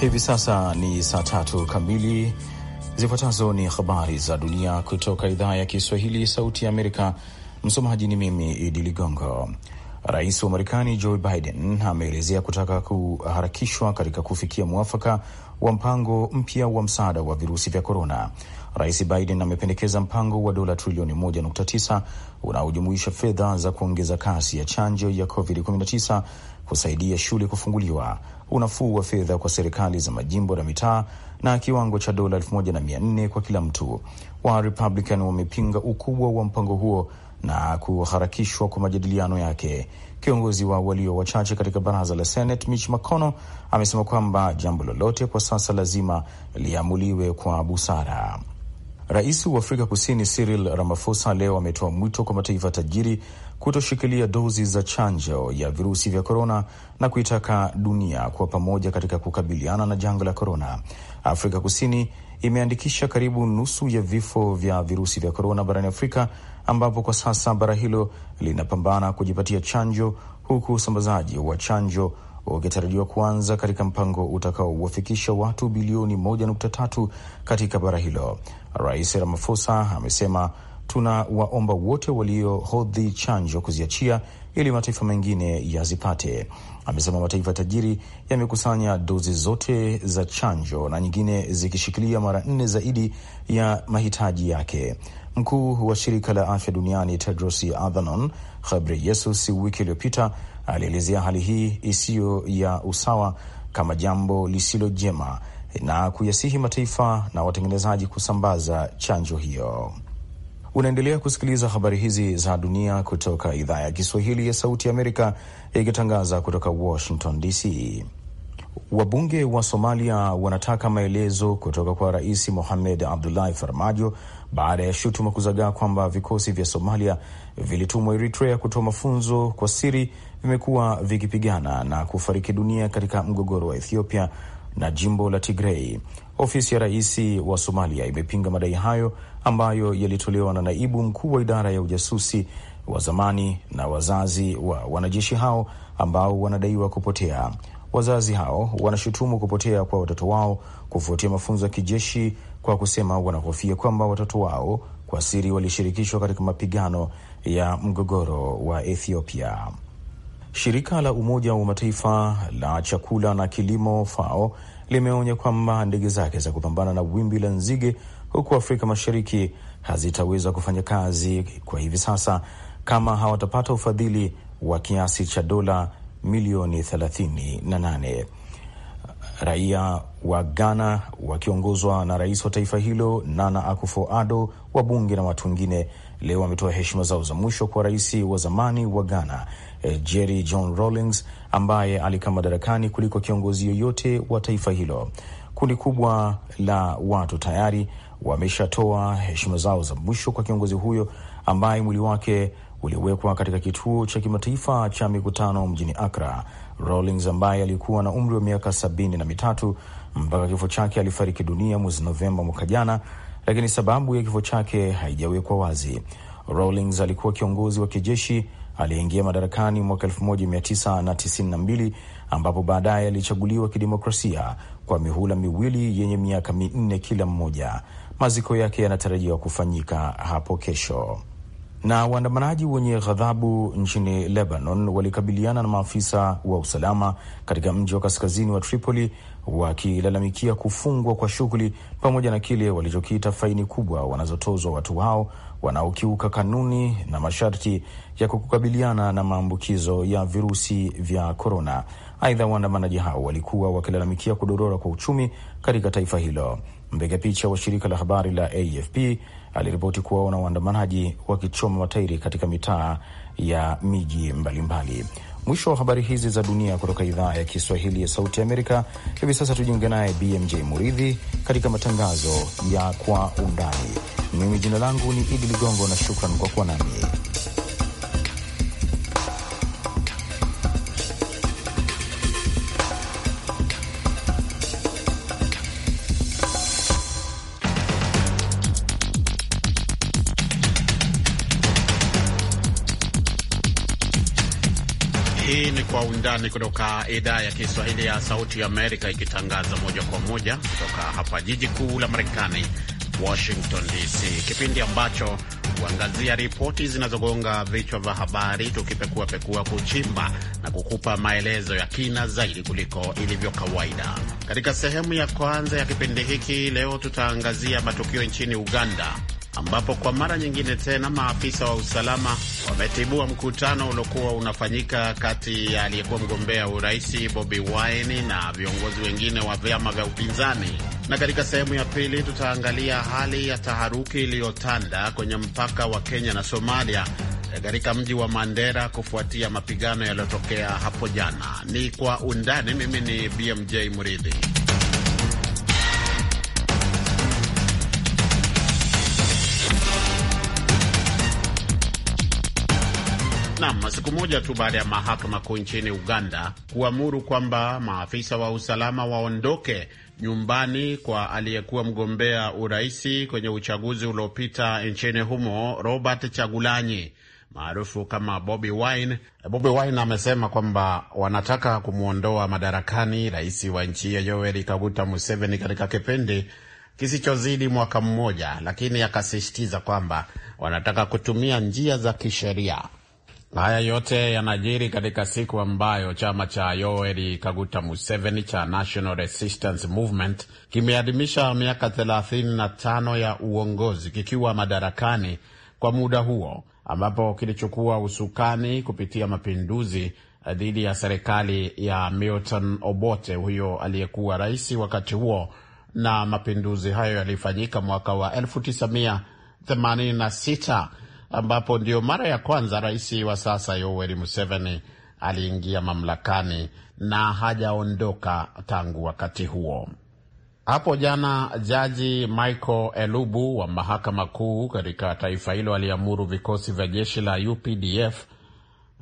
Hivi sasa ni saa tatu kamili. Zifuatazo ni habari za dunia kutoka idhaa ya Kiswahili, Sauti ya Amerika. Msomaji ni mimi Idi Ligongo. Rais wa Marekani Joe Biden ameelezea kutaka kuharakishwa katika kufikia mwafaka wa mpango mpya wa msaada wa virusi vya korona. Rais Biden amependekeza mpango wa dola trilioni 1.9 unaojumuisha fedha za kuongeza kasi ya chanjo ya COVID-19, kusaidia shule kufunguliwa unafuu wa fedha kwa serikali za majimbo na mitaa na kiwango cha dola elfu moja na mia nne kwa kila mtu. Wa Republican wamepinga ukubwa wa mpango huo na kuharakishwa kwa majadiliano yake. Kiongozi wa walio wachache katika baraza la Senate Mitch McConnell amesema kwamba jambo lolote kwa sasa lazima liamuliwe kwa busara. Rais wa Afrika Kusini Cyril Ramaphosa leo ametoa mwito kwa mataifa tajiri kutoshikilia dozi za chanjo ya virusi vya korona na kuitaka dunia kuwa pamoja katika kukabiliana na janga la korona. Afrika Kusini imeandikisha karibu nusu ya vifo vya virusi vya korona barani Afrika, ambapo kwa sasa bara hilo linapambana kujipatia chanjo, huku usambazaji wa chanjo ukitarajiwa kuanza katika mpango utakaowafikisha watu bilioni 1.3 katika bara hilo. Rais Ramaphosa amesema Tunawaomba wote waliohodhi chanjo kuziachia ili mataifa mengine yazipate, amesema. Mataifa tajiri yamekusanya dozi zote za chanjo na nyingine zikishikilia mara nne zaidi ya mahitaji yake. Mkuu wa shirika la afya duniani Tedros Adhanom Ghebreyesus wiki iliyopita alielezea hali hii isiyo ya usawa kama jambo lisilo jema na kuyasihi mataifa na watengenezaji kusambaza chanjo hiyo. Unaendelea kusikiliza habari hizi za dunia kutoka idhaa ya Kiswahili ya Sauti ya Amerika ikitangaza kutoka Washington DC. Wabunge wa Somalia wanataka maelezo kutoka kwa Rais Mohamed Abdullahi Farmajo baada ya shutuma kuzagaa kwamba vikosi vya Somalia vilitumwa Eritrea kutoa mafunzo kwa siri, vimekuwa vikipigana na kufariki dunia katika mgogoro wa Ethiopia na jimbo la Tigrei. Ofisi ya rais wa Somalia imepinga madai hayo ambayo yalitolewa na naibu mkuu wa idara ya ujasusi wa zamani na wazazi wa wanajeshi hao ambao wanadaiwa kupotea. Wazazi hao wanashutumu kupotea kwa watoto wao kufuatia mafunzo ya kijeshi kwa kusema wanahofia kwamba watoto wao kwa siri walishirikishwa katika mapigano ya mgogoro wa Ethiopia. Shirika la Umoja wa Mataifa la chakula na kilimo FAO limeonya kwamba ndege zake za kupambana na wimbi la nzige huku Afrika Mashariki hazitaweza kufanya kazi kwa hivi sasa kama hawatapata ufadhili wa kiasi cha dola milioni 38. Raia wa Ghana wakiongozwa na rais wa taifa hilo Nana Akufo-Addo, wabunge na watu wengine leo wametoa heshima zao za mwisho kwa rais wa zamani wa Ghana eh, Jerry John Rawlings ambaye alikaa madarakani kuliko kiongozi yoyote wa taifa hilo. Kundi kubwa la watu tayari wameshatoa heshima zao za mwisho kwa kiongozi huyo ambaye mwili wake uliwekwa katika kituo cha kimataifa cha mikutano mjini Akra. Rawlings ambaye alikuwa na umri wa miaka sabini na mitatu mpaka kifo chake alifariki dunia mwezi Novemba mwaka jana, lakini sababu ya kifo chake haijawekwa wazi. Rawlings alikuwa kiongozi wa kijeshi aliyeingia madarakani mwaka 1992 ambapo baadaye alichaguliwa kidemokrasia kwa mihula miwili yenye miaka minne kila mmoja. Maziko yake yanatarajiwa kufanyika hapo kesho. Na waandamanaji wenye ghadhabu nchini Lebanon walikabiliana na maafisa wa usalama katika mji wa kaskazini wa Tripoli wakilalamikia kufungwa kwa shughuli pamoja na kile walichokiita faini kubwa wanazotozwa watu hao wanaokiuka kanuni na masharti ya kukabiliana na maambukizo ya virusi vya korona. Aidha, waandamanaji hao walikuwa wakilalamikia kudorora kwa uchumi katika taifa hilo. Mpiga picha wa shirika la habari la AFP aliripoti kuwaona waandamanaji wakichoma matairi katika mitaa ya miji mbalimbali mbali. Mwisho wa habari hizi za dunia kutoka idhaa ya Kiswahili ya Sauti ya Amerika. Hivi sasa tujiunge naye BMJ Muridhi katika matangazo ya Kwa Undani. Mimi jina langu ni Idi Ligongo na shukran kwa kuwa nami. Undani kutoka idhaa ya Kiswahili ya Sauti ya Amerika, ikitangaza moja kwa moja kutoka hapa jiji kuu la Marekani, Washington DC, kipindi ambacho kuangazia ripoti zinazogonga vichwa vya habari, tukipekuapekua, kuchimba na kukupa maelezo ya kina zaidi kuliko ilivyo kawaida. Katika sehemu ya kwanza ya kipindi hiki leo, tutaangazia matukio nchini Uganda ambapo kwa mara nyingine tena maafisa wa usalama wametibua mkutano uliokuwa unafanyika kati ya aliyekuwa mgombea uraisi Bobi Wine na viongozi wengine wa vyama vya upinzani. Na katika sehemu ya pili tutaangalia hali ya taharuki iliyotanda kwenye mpaka wa Kenya na Somalia katika mji wa Mandera kufuatia mapigano yaliyotokea hapo jana. Ni kwa undani. Mimi ni BMJ Muridhi. Nam, siku moja tu baada ya mahakama kuu nchini Uganda kuamuru kwamba maafisa wa usalama waondoke nyumbani kwa aliyekuwa mgombea uraisi kwenye uchaguzi uliopita nchini humo Robert Chagulanyi maarufu kama Bobi Wine. Bobi Wine amesema kwamba wanataka kumwondoa madarakani rais wa nchi hiyo Yoweri Kaguta Museveni katika kipindi kisichozidi mwaka mmoja, lakini akasisitiza kwamba wanataka kutumia njia za kisheria haya yote yanajiri katika siku ambayo chama cha Yoweri Kaguta Museveni cha National Resistance Movement kimeadhimisha miaka 35 ya uongozi kikiwa madarakani kwa muda huo, ambapo kilichukua usukani kupitia mapinduzi dhidi ya serikali ya Milton Obote, huyo aliyekuwa rais wakati huo, na mapinduzi hayo yalifanyika mwaka wa 1986 ambapo ndio mara ya kwanza rais wa sasa Yoweri Museveni aliingia mamlakani na hajaondoka tangu wakati huo. Hapo jana jaji Michael Elubu wa mahakama kuu katika taifa hilo aliamuru vikosi vya jeshi la UPDF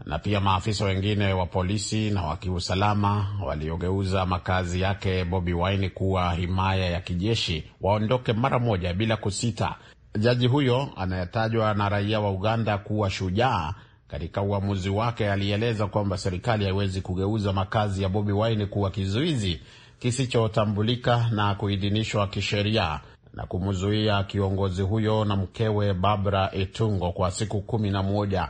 na pia maafisa wengine wa polisi na wa kiusalama waliogeuza makazi yake Bobi Wine kuwa himaya ya kijeshi waondoke mara moja bila kusita, Jaji huyo anayetajwa na raia wa Uganda kuwa shujaa katika uamuzi wake alieleza kwamba serikali haiwezi kugeuza makazi ya Bobi Wine kuwa kizuizi kisichotambulika na kuidhinishwa kisheria na kumzuia kiongozi huyo na mkewe Barbara Itungo kwa siku kumi na moja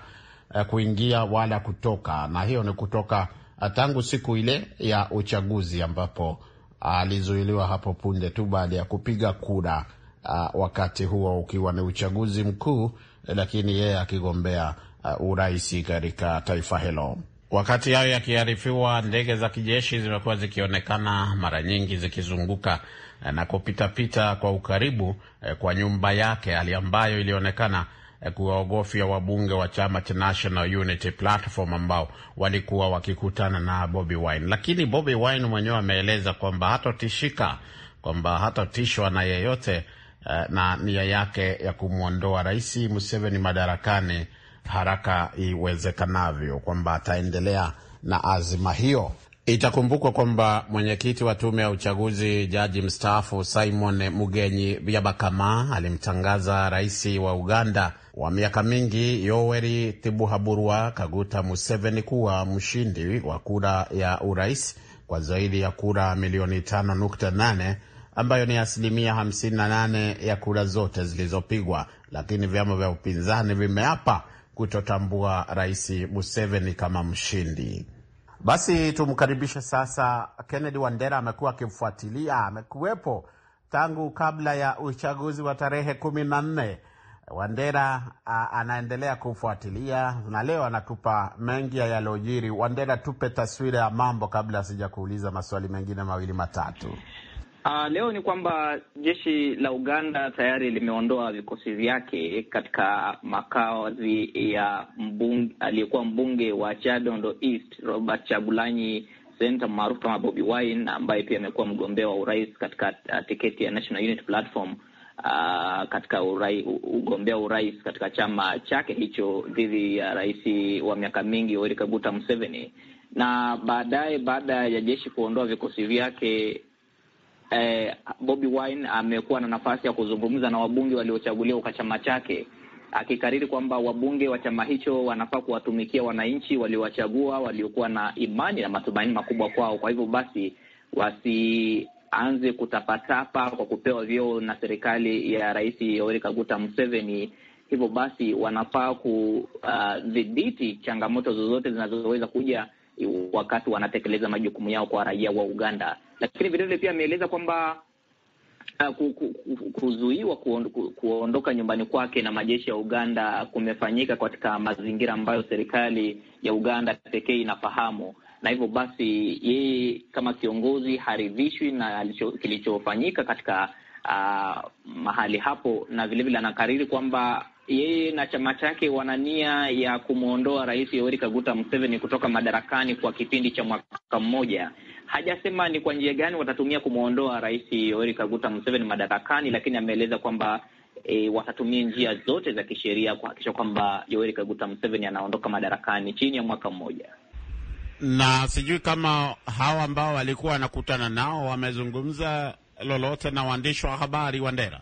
eh, kuingia wala kutoka, na hiyo ni kutoka eh, tangu siku ile ya uchaguzi ambapo alizuiliwa hapo punde tu baada ya kupiga kura uh, wakati huo ukiwa ni uchaguzi mkuu, eh, lakini yeye akigombea uh, urais katika taifa hilo. Wakati hayo yakiarifiwa, ndege za kijeshi zimekuwa zikionekana mara nyingi zikizunguka eh, na kupitapita kwa ukaribu eh, kwa nyumba yake, hali ambayo ilionekana kuwaogofya wabunge wa chama cha National Unity Platform ambao walikuwa wakikutana na Bobi Wine. Lakini Bobi Wine mwenyewe ameeleza kwamba hatotishika, kwamba hatotishwa na yeyote Eh, na nia yake ya kumwondoa Rais Museveni madarakani haraka iwezekanavyo, kwamba ataendelea na azima hiyo. Itakumbukwa kwamba mwenyekiti wa tume ya uchaguzi jaji mstaafu Simon Mugenyi Byabakama alimtangaza rais wa Uganda wa miaka mingi Yoweri Tibuhaburwa Kaguta Museveni kuwa mshindi wa kura ya urais kwa zaidi ya kura milioni 5.8 ambayo ni asilimia 58 ya kura zote zilizopigwa, lakini vyama vya upinzani vimeapa kutotambua Rais Museveni kama mshindi. Basi tumkaribishe sasa Kennedy Wandera. Amekuwa akimfuatilia, amekuwepo tangu kabla ya uchaguzi wa tarehe kumi na nne. Wandera a, anaendelea kufuatilia na leo anatupa mengi ya yalojiri. Wandera, tupe taswira ya mambo kabla sijakuuliza maswali mengine mawili matatu. Uh, leo ni kwamba jeshi la Uganda tayari limeondoa vikosi vyake katika makazi ya mbunge aliyekuwa mbunge wa Chadondo East Robert Chagulanyi Senta maarufu kama Bobi Wine ambaye pia amekuwa mgombea wa urais katika ah, tiketi ya National Unity Platform uh, katika urai, ugombea urais katika chama chake hicho dhidi ya rais wa miaka mingi Yoweri Kaguta Museveni na baadaye baada ya jeshi kuondoa vikosi vyake eh, Bobi Wine amekuwa na nafasi ya kuzungumza na wabunge waliochaguliwa kwa chama chake, akikariri kwamba wabunge wa chama hicho wanafaa kuwatumikia wananchi waliowachagua, waliokuwa na imani na matumaini makubwa kwao. Kwa hivyo basi wasianze kutapatapa kwa kupewa vyeo na serikali ya Rais Yoweri Kaguta Museveni. Hivyo basi wanafaa kudhibiti uh, changamoto zozote zinazoweza kuja wakati wanatekeleza majukumu yao kwa raia wa Uganda. Lakini vilevile pia ameeleza kwamba uh, kuzuiwa kuondoka nyumbani kwake na majeshi ya Uganda kumefanyika katika mazingira ambayo serikali ya Uganda pekee inafahamu na hivyo basi yeye kama kiongozi haridhishwi na kilichofanyika katika uh, mahali hapo, na vilevile anakariri kwamba yeye na chama chake wana nia ya kumwondoa Rais Yoweri Kaguta Museveni kutoka madarakani kwa kipindi cha mwaka mmoja, Hajasema ni kwa njia gani watatumia kumwondoa Rais Yoweri Kaguta Museveni madarakani, lakini ameeleza kwamba E, watatumia njia zote za kisheria kuhakikisha kwamba Yoweri Kaguta Museveni anaondoka madarakani chini ya mwaka mmoja. Na sijui kama hawa ambao walikuwa wanakutana nao wamezungumza lolote na waandishi wa habari Wandera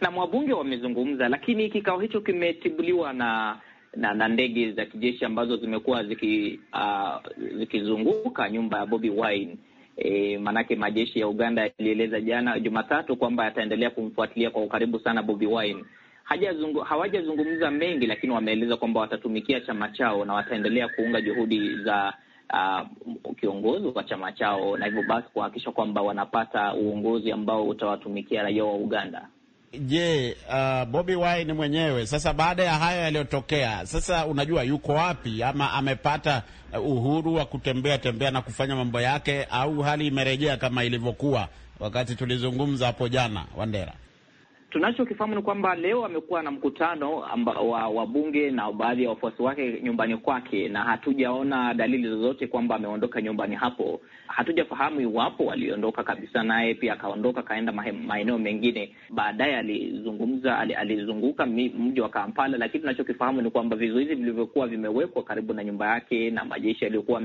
na mwabunge wamezungumza, lakini kikao hicho kimetibuliwa na na, na ndege za kijeshi ambazo zimekuwa ziki, uh, zikizunguka nyumba ya Bobi Wine. E, maanake majeshi ya Uganda yalieleza jana Jumatatu kwamba yataendelea kumfuatilia kwa ukaribu sana Bobi Wine. Hajazungu, hawajazungumza mengi, lakini wameeleza kwamba watatumikia chama chao na wataendelea kuunga juhudi za uh, kiongozi wa chama chao, na hivyo basi kuhakikisha kwamba wanapata uongozi ambao utawatumikia raia wa Uganda. Je, uh, Bobby Wine mwenyewe sasa, baada ya hayo yaliyotokea, sasa unajua yuko wapi, ama amepata uh, uhuru wa kutembea tembea na kufanya mambo yake, au hali imerejea kama ilivyokuwa wakati tulizungumza hapo jana, Wandera? Tunachokifahamu ni kwamba leo amekuwa na mkutano amba, wa wabunge na baadhi ya wafuasi wake nyumbani kwake, na hatujaona dalili zozote kwamba ameondoka nyumbani hapo. Hatujafahamu iwapo waliondoka kabisa, naye pia akaondoka akaenda maeneo mengine. Baadaye alizungumza, alizunguka mji wa Kampala, lakini tunachokifahamu ni kwamba vizuizi vilivyokuwa vimewekwa karibu na nyumba yake na majeshi yaliyokuwa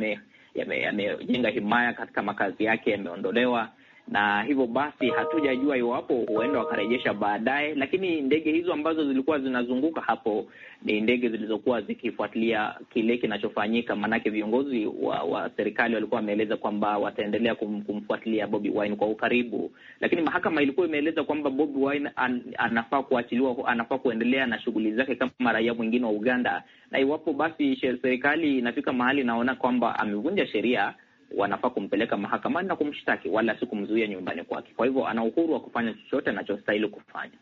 yamejenga yame, himaya katika makazi yake yameondolewa na hivyo basi hatujajua iwapo huenda wakarejesha baadaye, lakini ndege hizo ambazo zilikuwa zinazunguka hapo ni ndege zilizokuwa zikifuatilia kile kinachofanyika, maanake viongozi wa, wa serikali walikuwa wameeleza kwamba wataendelea kum, kumfuatilia Bobi Wine kwa ukaribu, lakini mahakama ilikuwa imeeleza kwamba Bobi Wine an, anafaa kuachiliwa, anafaa kuendelea na shughuli zake kama raia mwingine wa Uganda, na iwapo basi serikali inafika mahali inaona kwamba amevunja sheria wanafaa kumpeleka mahakamani na kumshtaki, wala si kumzuia nyumbani kwake. Kwa hivyo ana uhuru wa kufanya chochote anachostahili kufanya.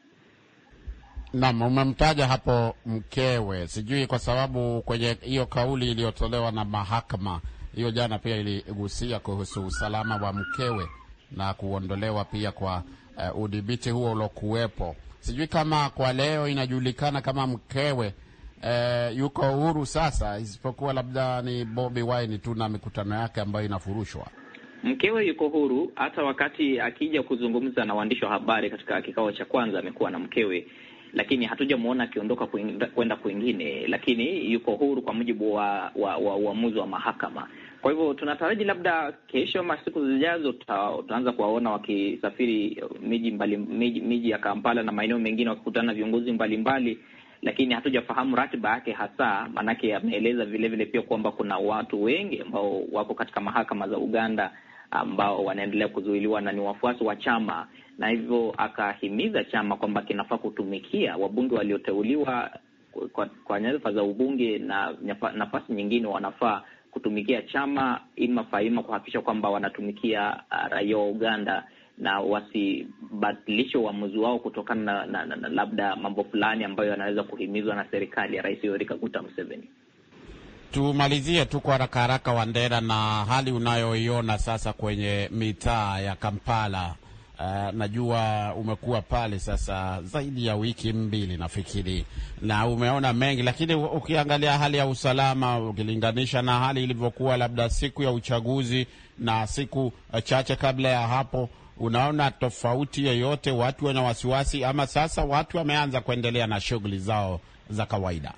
Naam, umemtaja hapo mkewe, sijui kwa sababu kwenye hiyo kauli iliyotolewa na mahakama hiyo jana pia iligusia kuhusu usalama wa mkewe na kuondolewa pia kwa eh, udhibiti huo uliokuwepo. Sijui kama kwa leo inajulikana kama mkewe eh, yuko uhuru sasa, isipokuwa labda ni Bobi Wine tu na mikutano yake ambayo inafurushwa. Mkewe yuko huru, hata wakati akija kuzungumza na waandishi wa habari katika kikao cha kwanza amekuwa na mkewe, lakini hatujamwona akiondoka kwenda kwingine, lakini yuko huru kwa mujibu wa uamuzi wa, wa, wa mahakama. Kwa hivyo tunataraji labda kesho ama siku zijazo tutaanza kuwaona wakisafiri miji mbali miji, miji ya Kampala na maeneo mengine wakikutana na viongozi mbalimbali lakini hatujafahamu ratiba yake hasa, maanake ameeleza vilevile pia kwamba kuna watu wengi ambao wako katika mahakama za Uganda ambao wanaendelea kuzuiliwa na ni wafuasi wa chama, na hivyo akahimiza chama kwamba kinafaa kutumikia wabunge walioteuliwa kwa, kwa nyadhifa za ubunge na nafasi nyingine, wanafaa kutumikia chama ima faima kuhakikisha kwamba wanatumikia uh, raia wa Uganda na wasibadilishe uamuzi wao kutokana na, na, na, na labda mambo fulani ambayo yanaweza kuhimizwa na serikali ya Rais Yoweri Kaguta Museveni. Tumalizie tu kwa haraka haraka, Wandera, na hali unayoiona sasa kwenye mitaa ya Kampala. Uh, najua umekuwa pale sasa zaidi ya wiki mbili nafikiri, na umeona mengi, lakini ukiangalia hali ya usalama ukilinganisha na hali ilivyokuwa labda siku ya uchaguzi na siku chache kabla ya hapo, unaona tofauti yoyote, watu wana wasiwasi ama sasa watu wameanza kuendelea na shughuli zao za kawaida?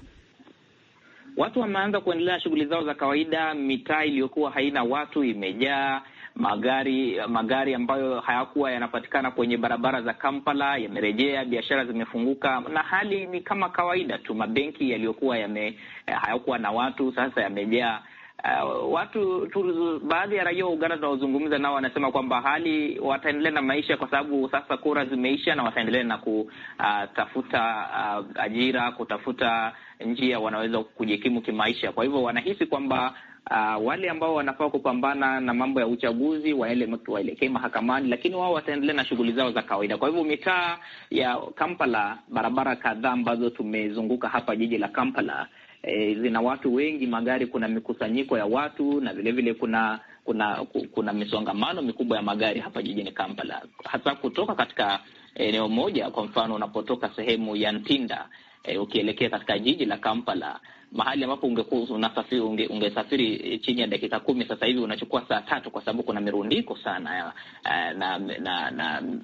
Watu wameanza kuendelea na shughuli zao za kawaida. Mitaa iliyokuwa haina watu imejaa magari, magari ambayo hayakuwa yanapatikana kwenye barabara za Kampala yamerejea, biashara zimefunguka na hali ni kama kawaida tu. Mabenki yaliyokuwa yame hayakuwa na watu sasa yamejaa uh, watu tu, baadhi ya raia wa Uganda tunaozungumza nao wanasema kwamba hali wataendelea na maisha kwa sababu sasa kura zimeisha, na wataendelea na kutafuta uh, ajira, kutafuta njia wanaweza kujikimu kimaisha. Kwa hivyo wanahisi kwamba Uh, wale ambao wanafaa kupambana na mambo ya uchaguzi waelekee mahakamani, lakini wao wataendelea na shughuli zao za kawaida. Kwa hivyo mitaa ya Kampala, barabara kadhaa ambazo tumezunguka hapa jiji la Kampala e, zina watu wengi magari, kuna mikusanyiko ya watu na vilevile vile kuna kuna kuna misongamano mikubwa ya magari hapa jijini Kampala, hasa kutoka katika eneo moja. Kwa mfano, unapotoka sehemu ya Ntinda e, ukielekea katika jiji la Kampala mahali ambapo unasafiri unge, ungesafiri eh, chini ya dakika kumi, sasa hivi unachukua saa tatu, kwa sababu kuna mirundiko sana ya, eh, na na, na mm,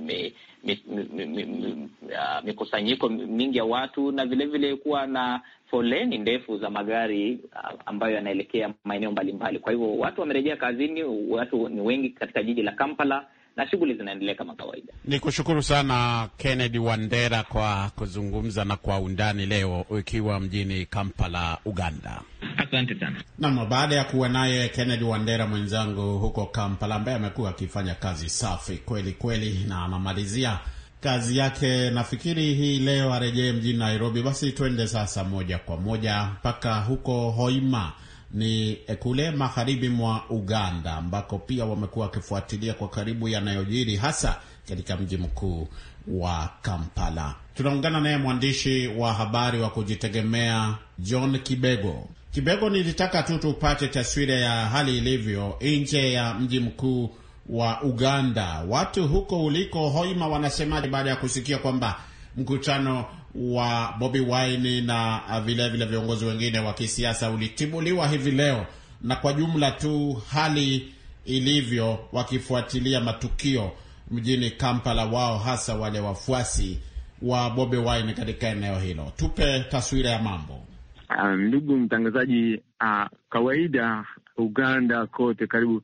mi, mi, mi, mi, mi, ah, mikusanyiko mingi ya watu na vilevile vile kuwa na foleni ndefu za magari ah, ambayo yanaelekea maeneo mbalimbali. Kwa hivyo watu wamerejea kazini, watu ni wengi katika jiji la Kampala na shughuli zinaendelea kama kawaida. Ni kushukuru sana Kennedy Wandera kwa kuzungumza na kwa undani leo ikiwa mjini Kampala, Uganda. Asante sana. nam baada ya kuwa naye Kennedy Wandera mwenzangu huko Kampala, ambaye amekuwa akifanya kazi safi kweli kweli, na anamalizia kazi yake nafikiri hii leo arejee mjini Nairobi. Basi twende sasa moja kwa moja mpaka huko Hoima ni eh, kule magharibi mwa Uganda ambako pia wamekuwa wakifuatilia kwa karibu yanayojiri hasa katika mji mkuu wa Kampala. Tunaungana naye mwandishi wa habari wa kujitegemea John Kibego. Kibego, nilitaka tu tupate taswira ya hali ilivyo nje ya mji mkuu wa Uganda. Watu huko uliko, Hoima, wanasemaje baada ya kusikia kwamba mkutano wa Bobi Wine na vilevile uh, vile viongozi wengine wa kisiasa ulitibuliwa hivi leo, na kwa jumla tu hali ilivyo, wakifuatilia matukio mjini Kampala, wao hasa wale wafuasi wa Bobi Wine katika eneo hilo. Tupe taswira ya mambo. Uh, ndugu mtangazaji, uh, kawaida Uganda kote karibu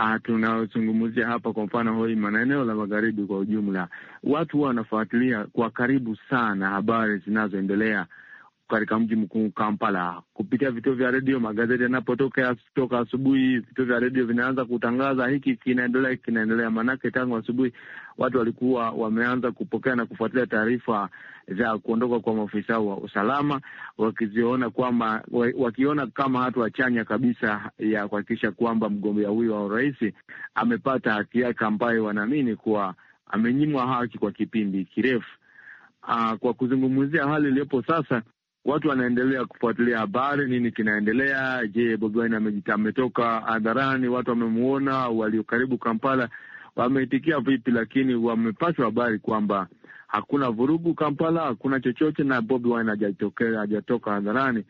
Ah, tunazungumzia hapa, kwa mfano Hoima na eneo la magharibi kwa ujumla, watu huwa wanafuatilia kwa karibu sana habari zinazoendelea katika mji mkuu Kampala kupitia vituo vya redio. Magazeti yanapotoka toka asubuhi, vituo vya redio vinaanza kutangaza hiki kinaendelea, hiki kinaendelea, maanake tangu asubuhi watu walikuwa wameanza kupokea na kufuatilia taarifa za kuondoka kwa maofisa wa usalama, wakiziona kwamba wakiona kama hatua chanya kabisa ya kuhakikisha kwamba mgombea huyo wa urais amepata haki yake ambayo wanaamini kuwa amenyimwa haki kwa kipindi kirefu. Aa, ah, kwa kuzungumzia hali iliyopo sasa, watu wanaendelea kufuatilia habari, nini kinaendelea. Je, Bobi Wine ametoka hadharani? Watu wamemuona, waliokaribu Kampala wameitikia vipi, lakini wamepashwa habari kwamba hakuna vurugu Kampala, hakuna chochote, na Bobi Wine hajatoka hadharani.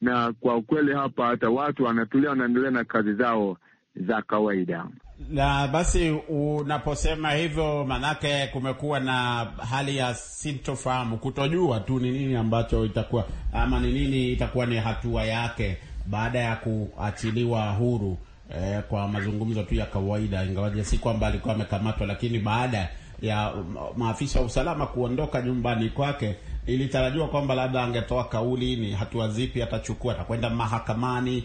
Na kwa ukweli hapa hata watu wanatulia, wanaendelea na kazi zao za kawaida. Na basi, unaposema hivyo, manake kumekuwa na hali ya sintofahamu, kutojua tu ni nini ambacho itakuwa ama ni nini itakuwa ni hatua yake baada ya kuachiliwa huru eh, kwa mazungumzo tu ya kawaida, ingawaje si kwamba alikuwa amekamatwa, lakini baada ya maafisa wa usalama kuondoka nyumbani kwake ilitarajiwa kwamba labda angetoa kauli, ni hatua zipi atachukua, atakwenda mahakamani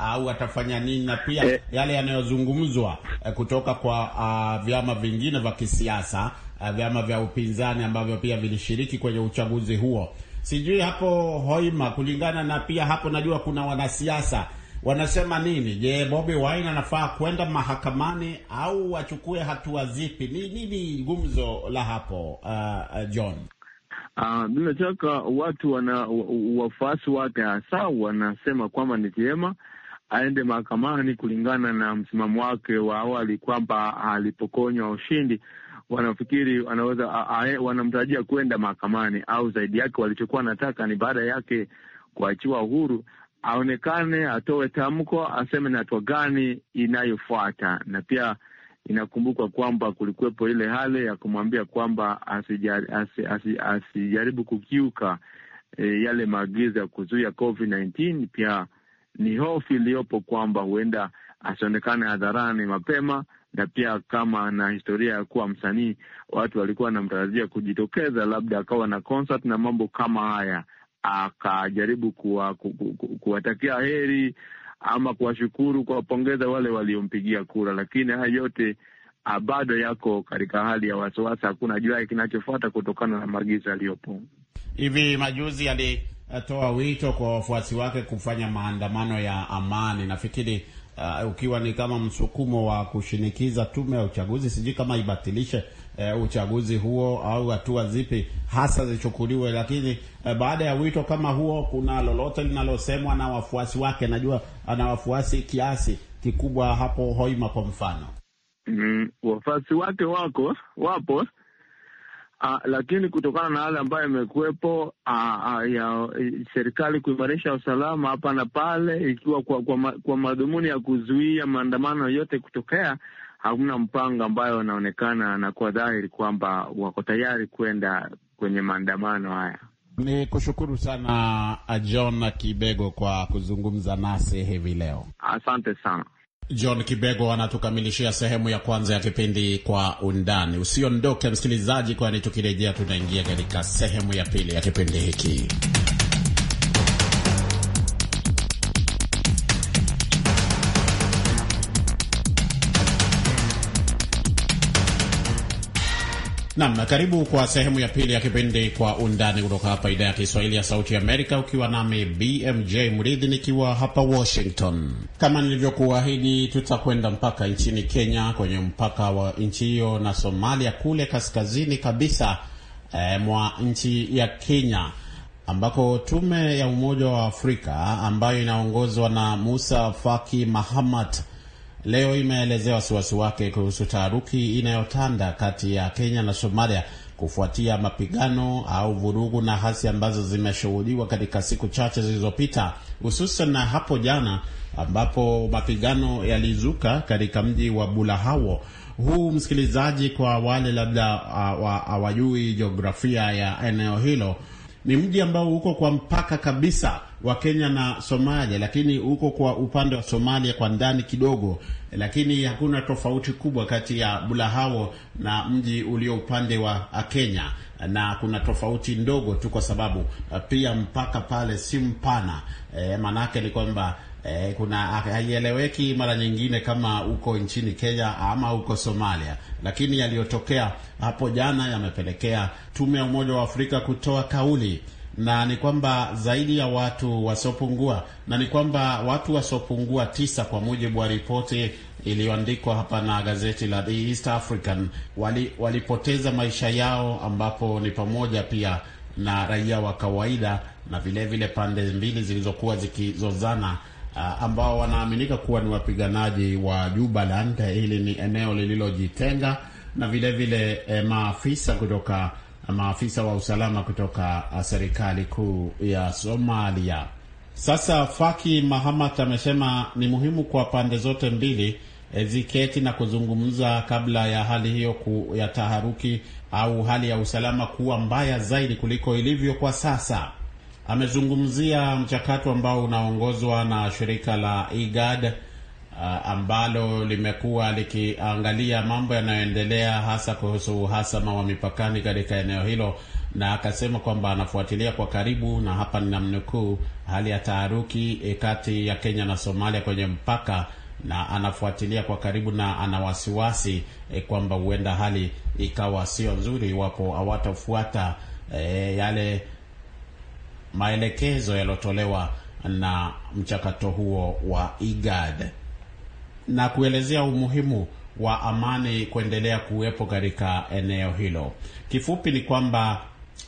au atafanya nini, na pia eh, yale yanayozungumzwa eh, kutoka kwa a, vyama vingine vya kisiasa ah, vyama vya upinzani ambavyo pia vilishiriki kwenye uchaguzi huo. Sijui hapo Hoima, kulingana na pia hapo, najua kuna wanasiasa wanasema nini? Je, Bobi Wine anafaa kwenda mahakamani au wachukue hatua zipi? Ni nini gumzo la hapo, uh, uh John? Uh, shaka watu wana wafuasi wake hasa wanasema kwamba ni vyema aende mahakamani kulingana na msimamo wake wa awali kwamba alipokonywa ushindi, wanafikiri anaweza wanamtarajia kwenda mahakamani, au zaidi yake walichokuwa nataka ni baada yake kuachiwa uhuru aonekane, atoe tamko, aseme ni hatua gani inayofuata. Na pia inakumbukwa kwamba kulikuwepo ile hali ya kumwambia kwamba asijaribu asi, asi, asi kukiuka e, yale maagizo ya kuzuia COVID-19. Pia ni hofu iliyopo kwamba huenda asionekane hadharani mapema na pia kama na historia ya kuwa msanii, watu walikuwa wanamtarajia kujitokeza, labda akawa na concert na mambo kama haya akajaribu kuwatakia ku, ku, heri ama kuwashukuru, kuwapongeza wale waliompigia kura, lakini haya yote ah, bado yako katika hali ya wasiwasi. Hakuna jua kinachofuata kutokana na maagizo yaliyopo. Hivi majuzi alitoa wito kwa wafuasi wake kufanya maandamano ya amani, nafikiri uh, ukiwa ni kama msukumo wa kushinikiza tume ya uchaguzi, sijui kama ibatilishe e, uchaguzi huo au hatua zipi hasa zichukuliwe. Lakini e, baada ya wito kama huo, kuna lolote linalosemwa na wafuasi wake? Najua ana wafuasi kiasi kikubwa hapo Hoima kwa mfano. Mm, wafuasi wake wako wapo. A, ah, lakini kutokana na hali ambayo imekuwepo ah, ah, ya serikali kuimarisha usalama hapa na pale, ikiwa kwa, kwa, kwa madhumuni ya kuzuia maandamano yote kutokea, hamna mpango ambayo unaonekana na kuwa dhahiri kwamba wako tayari kwenda kwenye maandamano haya. Ni kushukuru sana uh, John Kibego kwa kuzungumza nasi hivi leo. Asante sana. John Kibego anatukamilishia sehemu ya kwanza ya kipindi Kwa Undani. Usiondoke msikilizaji, kwani tukirejea tunaingia katika sehemu ya pili ya kipindi hiki. Nam na karibu kwa sehemu ya pili ya kipindi Kwa Undani kutoka hapa idhaa ya Kiswahili ya Sauti ya Amerika, ukiwa nami BMJ Mridhi nikiwa hapa Washington. Kama nilivyokuahidi, tutakwenda mpaka nchini Kenya, kwenye mpaka wa nchi hiyo na Somalia, kule kaskazini kabisa eh, mwa nchi ya Kenya, ambako tume ya Umoja wa Afrika ambayo inaongozwa na Musa Faki Mahamat leo imeelezea wasiwasi wake kuhusu taharuki inayotanda kati ya Kenya na Somalia kufuatia mapigano au vurugu na hasi ambazo zimeshuhudiwa katika siku chache zilizopita, hususan na hapo jana ambapo mapigano yalizuka katika mji wa Bulahawo. Huu msikilizaji, kwa wale labda hawajui jiografia ya eneo hilo, ni mji ambao uko kwa mpaka kabisa wa Kenya na Somalia, lakini huko kwa upande wa Somalia kwa ndani kidogo, lakini hakuna tofauti kubwa kati ya Bulahao na mji ulio upande wa Kenya, na kuna tofauti ndogo tu kwa sababu eh, pia mpaka pale si mpana. E, maanake ni kwamba e, kuna haieleweki mara nyingine kama uko nchini Kenya ama uko Somalia, lakini yaliyotokea hapo jana yamepelekea tume ya Umoja wa Afrika kutoa kauli na ni kwamba zaidi ya watu wasiopungua na ni kwamba watu wasiopungua tisa kwa mujibu wa ripoti iliyoandikwa hapa na gazeti la The East African wali, walipoteza maisha yao ambapo ni pamoja pia na raia wa kawaida na vilevile vile pande mbili zilizokuwa zikizozana uh, ambao wanaaminika kuwa ni wapiganaji wa Jubaland. Hili ni eneo lililojitenga na vilevile vile, eh, maafisa kutoka maafisa wa usalama kutoka uh, serikali kuu ya Somalia. Sasa Faki Mahamat amesema ni muhimu kwa pande zote mbili eh, ziketi na kuzungumza kabla ya hali hiyo ku, ya taharuki au hali ya usalama kuwa mbaya zaidi kuliko ilivyo kwa sasa. Amezungumzia mchakato ambao unaongozwa na shirika la IGAD uh, ambalo limekuwa likiangalia mambo yanayoendelea hasa kuhusu uhasama wa mipakani katika eneo hilo, na akasema kwamba anafuatilia kwa karibu, na hapa ninamnukuu, hali ya taharuki eh, kati ya Kenya na Somalia kwenye mpaka na anafuatilia kwa karibu na ana wasiwasi e, kwamba huenda hali ikawa sio nzuri iwapo hawatafuata e, yale maelekezo yaliyotolewa na mchakato huo wa IGAD na kuelezea umuhimu wa amani kuendelea kuwepo katika eneo hilo. Kifupi ni kwamba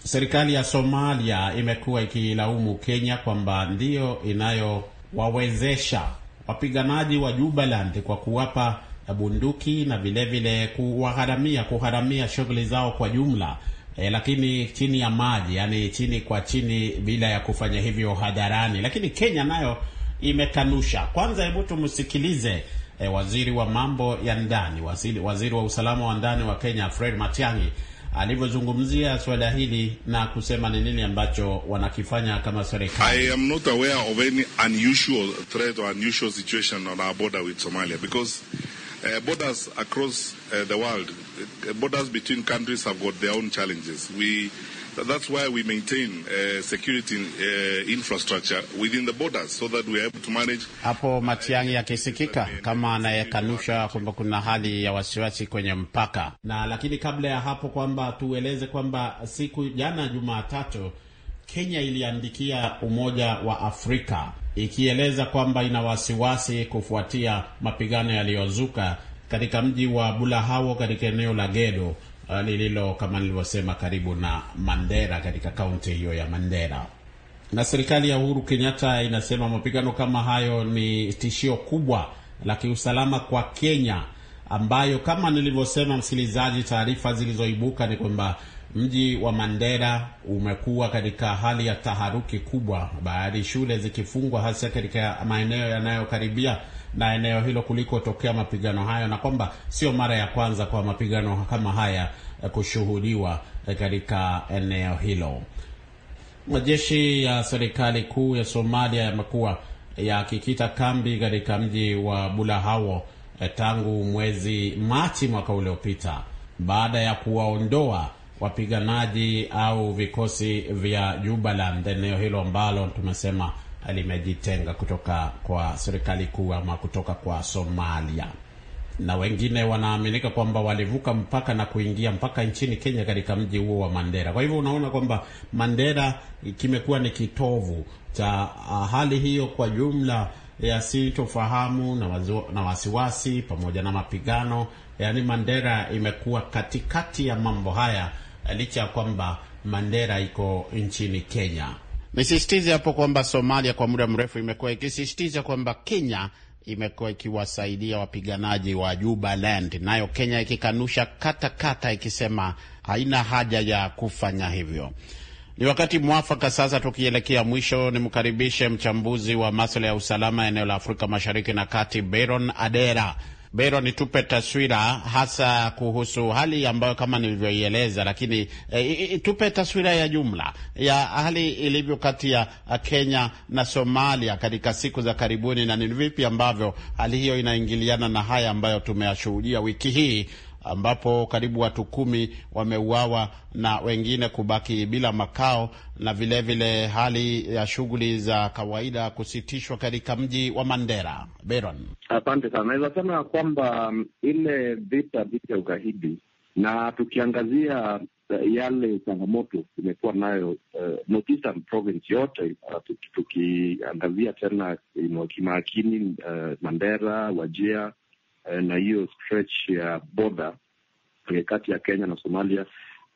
serikali ya Somalia imekuwa ikilaumu Kenya kwamba ndiyo inayowawezesha wapiganaji wa Jubaland kwa kuwapa bunduki na vilevile kuwaharamia kuharamia shughuli zao kwa jumla. E, lakini chini ya maji, yani chini kwa chini, bila ya kufanya hivyo hadharani, lakini Kenya nayo imekanusha. Kwanza hebu tumsikilize e, waziri wa mambo ya ndani waziri, waziri wa usalama wa ndani wa Kenya Fred Matiang'i alivyozungumzia suala hili na kusema ni nini ambacho wanakifanya kama serikali. I am not aware of any unusual threat or unusual situation on our border with Somalia because uh, borders across uh, the world, borders between countries have got their own challenges. We That's why we maintain uh, security uh, infrastructure within the borders so that we are able to manage. Hapo Matiang'i akisikika kama anayekanusha kwamba kuna hali ya wasiwasi kwenye mpaka na, lakini kabla ya hapo, kwamba tueleze kwamba siku jana Jumatatu Kenya iliandikia Umoja wa Afrika ikieleza kwamba ina wasiwasi kufuatia mapigano yaliyozuka katika mji wa Bulahawo katika eneo la Gedo Ah, lililo kama nilivyosema karibu na Mandera katika kaunti hiyo ya Mandera. Na serikali ya Uhuru Kenyatta inasema mapigano kama hayo ni tishio kubwa la kiusalama kwa Kenya, ambayo kama nilivyosema, msikilizaji, taarifa zilizoibuka ni kwamba mji wa Mandera umekuwa katika hali ya taharuki kubwa, baadhi shule zikifungwa hasa katika maeneo yanayokaribia na eneo hilo kulikotokea mapigano hayo, na kwamba sio mara ya kwanza kwa mapigano kama haya eh, kushuhudiwa eh, katika eneo hilo. Majeshi ya serikali kuu ya Somalia yamekuwa yakikita kambi katika mji wa Bulahawo eh, tangu mwezi Machi mwaka uliopita baada ya kuwaondoa wapiganaji au vikosi vya Jubaland eneo hilo ambalo tumesema Eh, limejitenga kutoka kwa serikali kuu ama kutoka kwa Somalia, na wengine wanaaminika kwamba walivuka mpaka na kuingia mpaka nchini Kenya katika mji huo wa Mandera. Kwa hivyo unaona kwamba Mandera kimekuwa ni kitovu cha ah, hali hiyo kwa jumla ya sintofahamu na, na wasiwasi pamoja na mapigano. Yaani Mandera imekuwa katikati ya mambo haya eh, licha ya kwamba Mandera iko nchini Kenya. Nisisitize hapo kwamba Somalia kwa muda mrefu imekuwa ikisisitiza kwamba Kenya imekuwa ikiwasaidia wapiganaji wa Jubaland, nayo Kenya ikikanusha katakata ikisema haina haja ya kufanya hivyo. Ni wakati mwafaka sasa, tukielekea mwisho, nimkaribishe mchambuzi wa maswala ya usalama eneo la Afrika Mashariki na Kati, Beron Adera. Bero, nitupe taswira hasa kuhusu hali ambayo kama nilivyoieleza, lakini e, tupe taswira ya jumla ya hali ilivyo kati ya ah, Kenya na Somalia katika siku za karibuni, na ni vipi ambavyo hali hiyo inaingiliana na haya ambayo tumeyashuhudia wiki hii ambapo karibu watu kumi wameuawa na wengine kubaki bila makao na vilevile vile hali ya shughuli za kawaida kusitishwa katika mji wa Mandera. Beron, asante sana. Naweza sema kwamba mm, ile vita vita ya ugaidi na tukiangazia eh, yale changamoto imekuwa nayo uh, eh, North Province yote uh, tukiangazia tena kimaakini uh, Mandera, Wajia Eh, na hiyo stretch ya border kati ya Kenya na Somalia,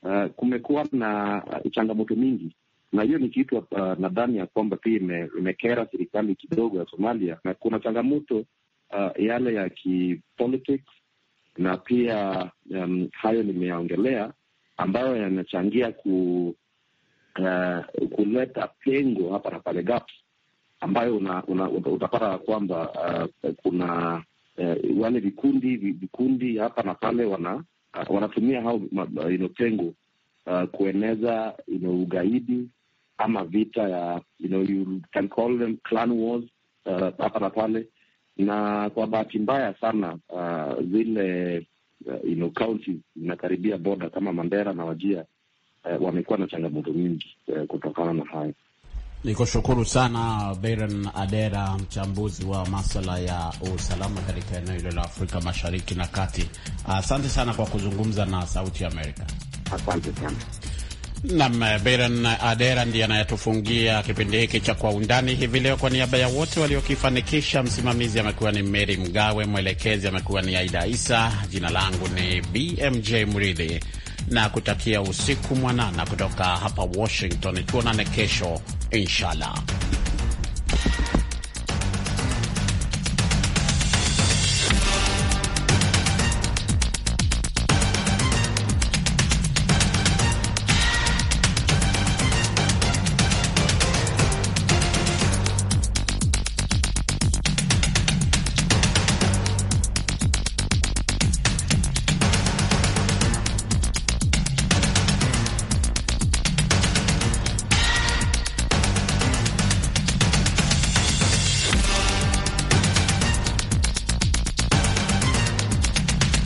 uh, kumekuwa na eh, changamoto mingi, na hiyo ni kitu uh, nadhani ya kwamba pia imekera serikali kidogo ya Somalia, na kuna changamoto uh, yale ya kipolitics na pia um, hayo nimeyaongelea ambayo yanachangia ku uh, kuleta pengo hapa na pale gaps ambayo una, una, utapata kwamba uh, kuna eh, wale vikundi vikundi hapa na pale wana wanatumia hao ino uh, kueneza ino ugaidi ama vita ya you know, you can call them clan wars eh, hapa uh, na pale, na kwa bahati mbaya sana uh, zile uh, you know, county zinakaribia boda kama Mandera na Wajia uh, wamekuwa na changamoto nyingi uh, kutokana na haya Nikushukuru sana Beren Adera, mchambuzi wa maswala ya usalama katika eneo hilo la Afrika Mashariki na Kati. Asante uh, sana kwa kuzungumza na Sauti ya Amerika. Asante sana. Nam Beren Adera ndiye anayetufungia kipindi hiki cha Kwa Undani hivi leo. Kwa niaba ya wote waliokifanikisha, msimamizi amekuwa ni Meri Mgawe, mwelekezi amekuwa ni Aida Isa, jina langu ni BMJ Mridhi na kutakia usiku mwanana kutoka hapa Washington. Tuonane kesho inshallah.